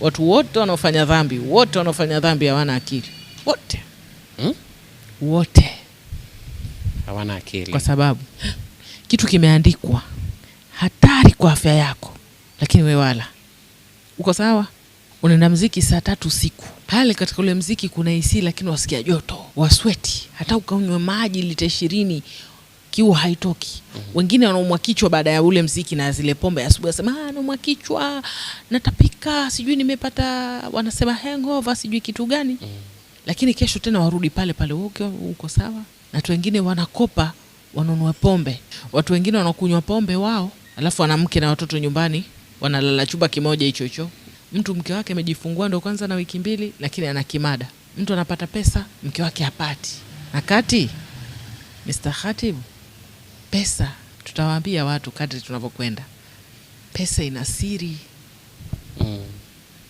Watu wote wanaofanya dhambi, wote wanaofanya dhambi hawana akili, wote hmm? wote hawana akili, kwa sababu kitu kimeandikwa, hatari kwa afya yako, lakini we wala uko sawa. Unaenda mziki saa tatu usiku pale, katika ule mziki kuna isi, lakini wasikia joto, wasweti, hata ukaunywe maji lita ishirini kiu haitoki. mm -hmm. Wengine wanaumwa kichwa baada ya ule mziki na zile pombe asubuhi, wanasema ah, naumwa kichwa, natapika, sijui nimepata, wanasema hangover, sijui kitu gani. mm -hmm. Lakini kesho tena warudi pale pale, uko oh, uko sawa. Na watu wengine wanakopa wanunue pombe, watu wengine wanakunywa pombe wao, alafu wanamke na watoto nyumbani wanalala chumba kimoja hicho hicho. Mtu mke wake amejifungua ndo kwanza na wiki mbili, lakini ana kimada. Mtu anapata pesa, mke wake hapati. Na kati Mr. Khatibu pesa, tutawaambia watu kadri tunavyokwenda. Pesa ina siri mm.